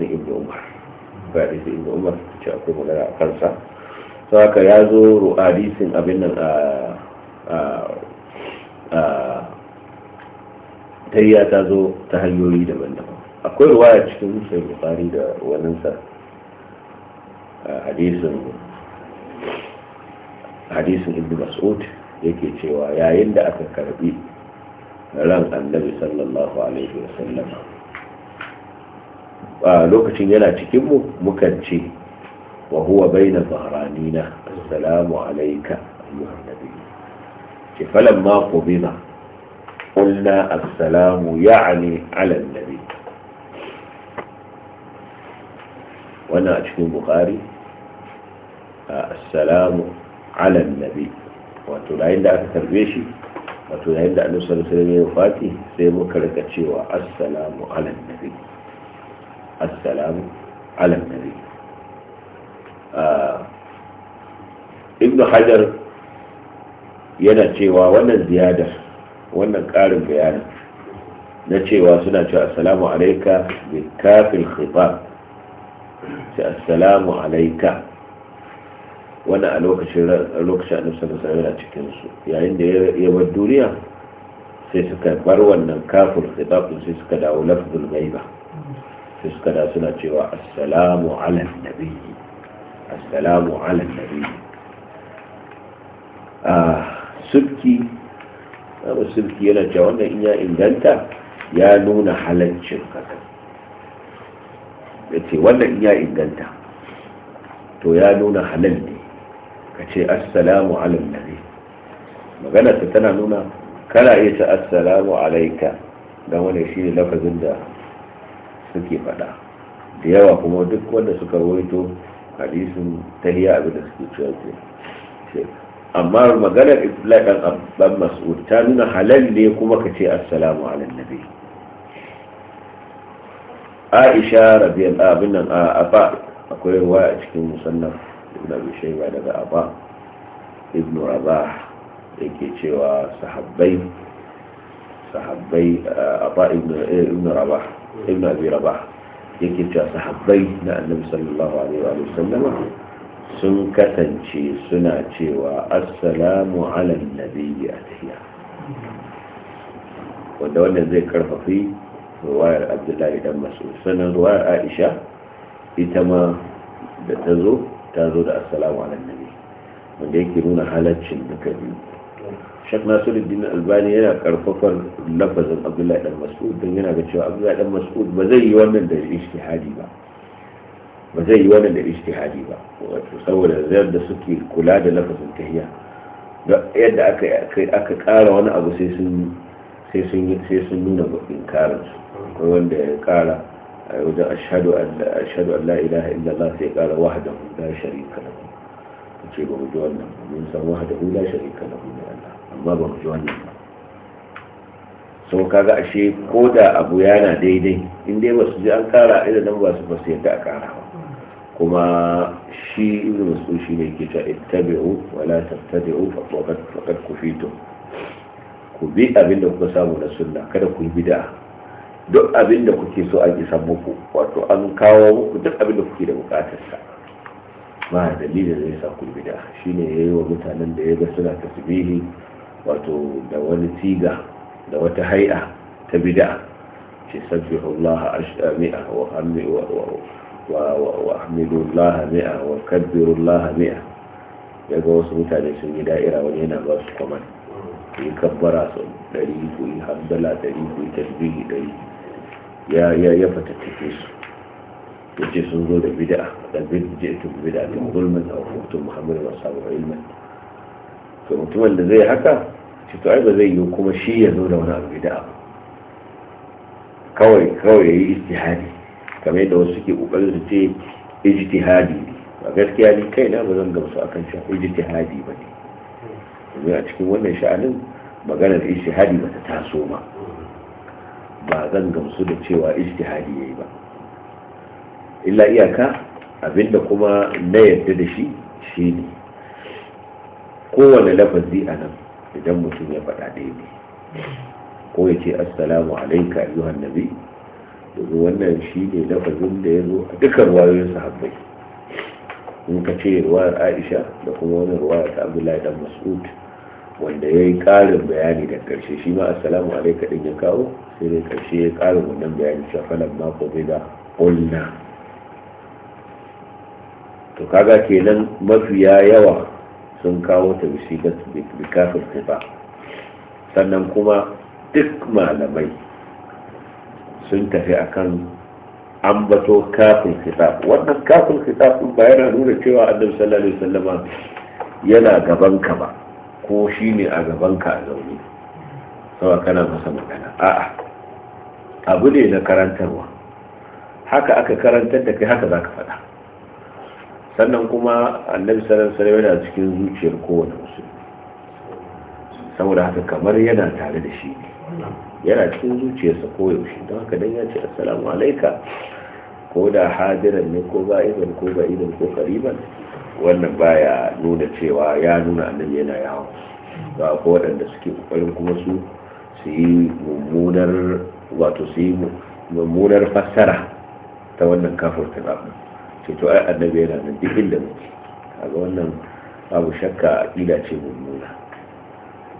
hadisin ibnu umar ba hadisin ibnu umar ce akwai magana a kansa to haka ya zo hadisin abin nan a tayya ta zo ta hanyoyi daban-daban akwai ruwaya cikin sai bukari da waninsa hadisin hadisin ibnu mas'ud yake cewa yayin da aka karbi ran annabi sallallahu alaihi wasallam lokacin yana cikinmu mu mukan ce wa huwa baina zahranina assalamu alaika ayyuhan nabi ce falamma qubida qulna assalamu ya'ni ala nabi wannan a cikin bukari assalamu ala nabi wato yayin da aka tarbe shi wato yayin da annabi sallallahu alaihi wasallam ya fati sai muka rika cewa assalamu ala nabi assalamu ala النبي ah, ibnu hajar yana cewa wannan ziyada wannan ƙarin bayanin na cewa suna cewa assalamu alaika bi kafin khitab sai alaika wani a lokacin lokacin annabi sallallahu yayin da ya bar duniya sai suka bar wannan kafin khitab sai suka dawo lafzul ba. fuskada suna cewa assalamu ala nabi assalamu ala nabi a ah, sulki abu sulki yana cewa wannan in ya inganta ya nuna halancin haka ya ce wannan in ya inganta to ya nuna halal ne ka ce assalamu ala nabi magana ta tana nuna kana iya ta assalamu alaika don wani shi ne lafazin da suke fada da yawa kuma duk wanda suka rawaito hadisin tahiya abin da suke cewa ce amma maganar ibla'i abban mas'ud ta nuna halal ne kuma ka ce assalamu alal nabi aisha rabiyal ah, abin nan a ah, aba akwai ruwa a cikin musannaf ibn abi shayba daga aba ibn rabah yake cewa sahabbai sahabbai aba ah, eh, ibn rabah ibn abi rabah yake cewa sahabbai na annabi sallallahu alaihi wa sallama sun kasance suna cewa assalamu ala nabiyyi athiya wanda wannan zai karfafi ruwayar abdullahi dan masu sannan ruwayar aisha ita ma da ta zo ta zo da assalamu ala nabi wanda yake nuna halaccin duka biyu shek nasiruddin albani yana karfafar lafazin abdullahi dan mas'ud don yana ga cewa abdullahi dan mas'ud ba zai yi wannan da ijtihadi ba ba zai yi wannan da ijtihadi ba wato saboda zayar da suke kula da lafazin tahiyya yadda aka aka kara wani abu sai sun sai sun sai sun nuna inkarin su akwai wanda ya kara wajen ashhadu an ashhadu an la ilaha illallah sai ya kara wahdahu la sharika lahu ce ba mu ji wannan mun san wahdahu la sharika lahu ne babu wani mu kaga ashe ko da abu yana daidai in dai ba su ji an kara irin nan ba su ba su yadda a kara kuma shi ibn mas'ud shi ne ke ta ittabi'u wa la tabtadi'u faqad faqad kufitum ku bi abinda kuka samu na sunna kada ku yi bid'a duk abinda kuke so an isa muku wato an kawo muku duk abinda kuke da bukatar sa dalilin dalilin ya sa ku bid'a shine yi wa mutanen da ya ga suna tasbihi wato da wani siga da wata hai'a ta bid'a ce "Sabbi Allah ashami'a wa hamdi wa wa ahmidu Allah mi'a wa kabbiru Allah mi'a yaga wasu mutane sun yi da'ira wani yana ba su kwaman yi kabbara su ɗari ku yi hamdala ɗari ku yi tasbihi ɗari ya ya ya fatattake su yace sun zo da bid'a da bid'atun da zulmin aw fuqtun muhammadin wa sabu ilmin to mutumin da zai haka ci to ai ba zai yi kuma shi ya zo da wani abu abu kawai kawai ya yi ijtihadi kamar yadda wasu ke kokarin su ce ijtihadi ne ba gaskiya ni kaina ba zan gamsu akan cewa ijtihadi ba ne domin a cikin wannan sha'anin maganar ijtihadi ba ta taso ba ba zan gamsu da cewa ijtihadi yayi ba illa iyaka abinda kuma na yadda da shi ne kowane lafazi a nan idan mutum ya faɗa daidai ko ya ce assalamu alaika ayyuhan nabi yanzu wannan shi ne lafazin da ya zo a dukkan su sahabbai in ka ce ruwayar aisha da kuma wani ruwayar ta abdullahi dan mas'ud wanda ya yi ƙarin bayani da ƙarshe shi ma assalamu alaika din ya kawo sai dai ƙarshe ya ƙarin wannan bayani cewa mako ma ko bai da ƙulna to kaga kenan mafiya yawa sun kawo ta ga kafin ba sannan kuma duk malamai sun tafi akan ambato kafin kitab wannan kafin kitab ba yana nuna cewa annabi sallallahu alaihi wasallama yana gaban ka ba ko shine a gaban ka a zaune sawa kana masa magana a'a abu ne na karantarwa haka aka karantar da kai haka zaka faɗa sannan kuma annabi sallallahu alaihi yana cikin zuciyar kowane musulmi saboda haka kamar yana tare da shi yana cikin zuciyarsa koyaushe don haka don ya ce assalamu alaika ko da hadiran ne ko ba'idan ko ba'idan ko kariban wannan baya nuna cewa ya nuna annabi yana yawo ba ko waɗanda suke kokarin kuma su su yi mummunar wato su yi mummunar fassara ta wannan kafurta ba ce to ai annabi yana nan duk inda muke kaga wannan babu shakka aqida ce mummuna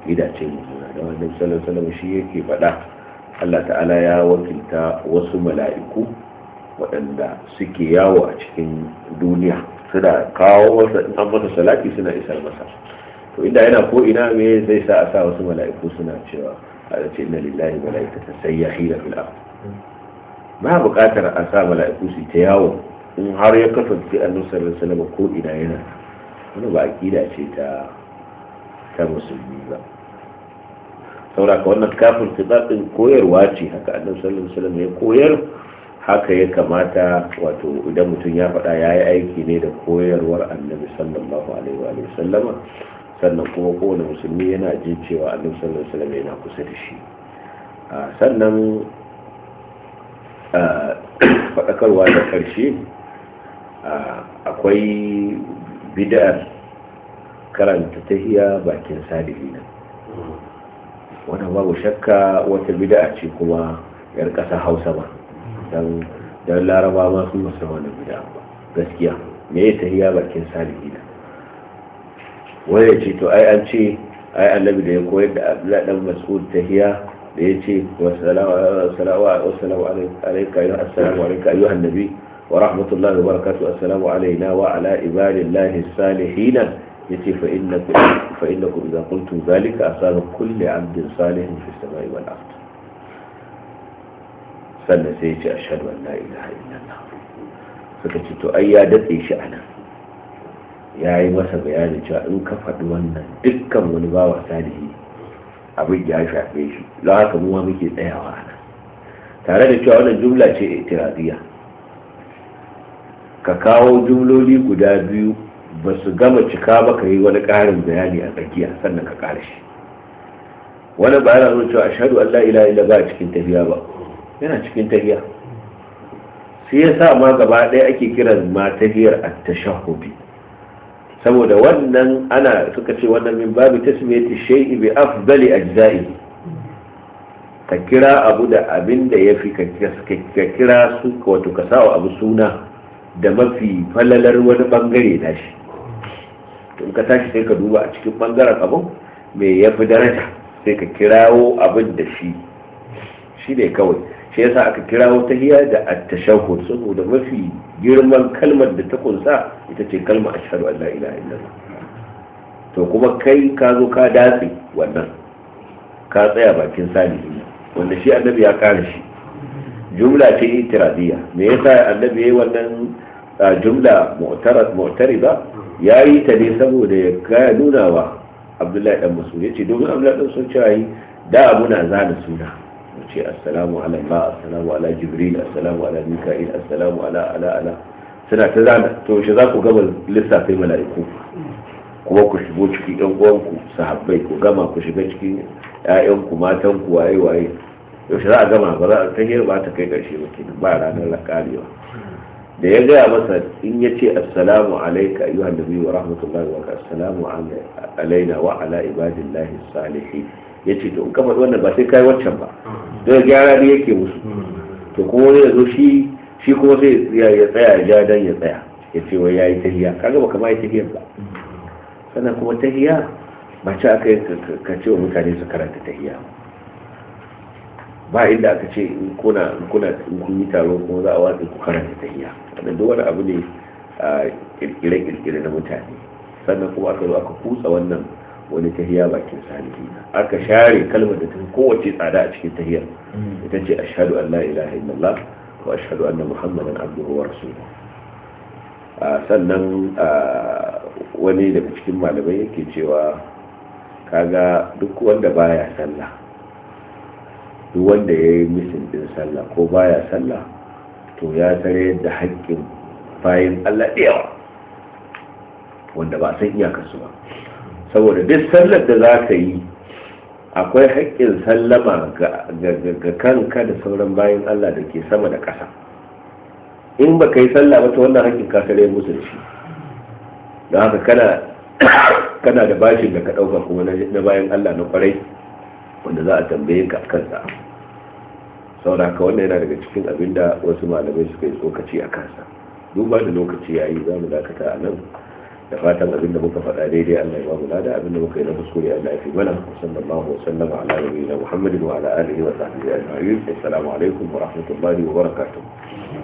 aqida ce mummuna da wannan sallallahu alaihi shi yake faɗa Allah ta'ala ya wakilta wasu mala'iku waɗanda suke yawo a cikin duniya suna kawo an masa salati suna isar masa to inda yana ko ina me zai sa a sa wasu mala'iku suna cewa a ce inna lillahi mala'ikatan ya fil ardh ba buƙatar a sa mala'iku su ta yawo in har ya kasance a sallallahu alaihi ko ina yana wani ba aqida ce ta ta musulmi ba saboda ka wannan kafin fitadin koyarwa ce haka annan sallallahu alaihi ya koyar haka ya kamata wato idan mutum ya faɗa ya yi aiki ne da koyarwar annabi sallallahu alaihi wa sallama sannan kuma kowane musulmi yana jin cewa annabi sallallahu alaihi yana kusa da shi sannan faɗakarwa da ƙarshe Ah, akwai bid'ar karanta tahiya bakin salihina wannan babu shakka wata bid'a ce kuma yar kasa hausa ba don laraba masu sun musu wannan bid'a ba gaskiya me ya tahiya bakin Wani ya ce to ai an ce ai annabi da ya koyar da abdullahi dan mas'ud tahiya da ya ce wasu salawa a alayka ayyuhan nabi ورحمة الله وبركاته السلام علينا وعلى عباد الله الصالحين يتي فإنكم, فإنكم إذا قلتم ذلك أصاب كل عبد صالح في السماء والأرض sannan sai ya ce ashadu an la suka ce to ai ya daɗe shi anan ya yi masa bayani cewa in ka faɗi wannan dukkan wani bawa salihi abin ya shafe shi don haka mu muke tsayawa anan tare da cewa wannan jumla ce itiradiyya ka kawo jumloli guda biyu ba su gama cika ba ka yi wani ƙarin bayani a tsakiya sannan ka ƙara shi wani bayan zuwa cewa ashadu allah ila ila ba cikin tafiya ba yana cikin tafiya sai ya sa ma gaba ɗaya ake kiran ma tafiyar a tashahubi saboda wannan ana suka ce wannan min babu mai shay'i bi afdali ajza'i ka kira abu da abin da ya fi ka kira su wato ka sawa abu suna da mafi falalar wani bangare na shi in ka tashi sai ka duba a cikin bangaren abin mai ya fi daraja sai ka kirawo abin da shi shi ne kawai shi yasa aka kirawo ta hiya da attashahud saboda mafi girman kalmar da ta kunsa ita ce kalmar ashhadu an la ilaha illallah to kuma kai ka zo ka datse wannan ka tsaya bakin sani wanda shi annabi ya kare shi jumla ce tiradiyya me yasa annabi yayi wannan jumla mu'tariba ya yi ta ne saboda ya kaya nuna wa abdullahi dan musu ya ce domin abdullahi dan sun cewa yi da muna zana suna mu ce assalamu ala ba assalamu ala jibril assalamu ala mika'il assalamu ala ala ala suna ta zana to shi za ku gama lissafin mala'iku kuma ku shigo cikin yan uwanku sahabbai ku gama ku shiga cikin ƴaƴanku matanku waye waye yaushe za a gama ba za a ta ba ta kai ƙarshe ba kenan ba ranar ba. da ya gaya masa in ya ce assalamu alaika ayyuhan nabi wa rahmatullahi wa barakatuh assalamu alaina wa ala ibadillahi salihin ya ce to in ka ba sai kai waccan ba don gyara ne yake musu to kuma wani ya shi kuma sai ya tsaya ya dan ya tsaya ya ce wai yayi tahiya kaga baka ma yi tahiyar ba sannan kuma tahiya ba ci aka ka ce wa mutane su karanta tahiya ba ba inda aka ce in kuna in kun yi taro ko za a watsa ku karanta tahiya wannan duk wani abu ne a kirkire-kirkire na mutane sannan kuma aka zo aka kutsa wannan wani tahiya bakin salihi aka share kalmar da ta kowace tsada a cikin tahiyar mm. ita ce ashhadu an la ilaha illallah wa ashhadu anna muhammadan abduhu wa rasuluhu sannan wani daga cikin malamai yake cewa kaga duk wanda baya sallah duk wanda ya yi misin din sallah ko baya sallah to ya tare yadda haƙƙin bayan allah ɗaya wanda ba san iyakarsu ba saboda duk sallar da za ka yi akwai haƙƙin sallama ga kanka da sauran bayan allah da ke sama da ƙasa in ba ka yi sallah ba ta wannan haƙƙin kasar ya musu da don haka kana da bashin da ka ɗauka kuma na bayan allah na ƙwarai wanda za a tambaye ka kansa saboda haka wannan yana daga cikin abin da wasu malamai suka yi tsokaci a kansa duba da lokaci yayi za mu dakata a nan da fatan abin da muka faɗa daidai Allah ya ba mu lada abin da muka yi na kuskure Allah ya fi mana sallallahu alaihi sallama ala nabiyina Muhammadin wa ala alihi wa sahbihi ajma'in assalamu alaikum wa rahmatullahi wa barakatuh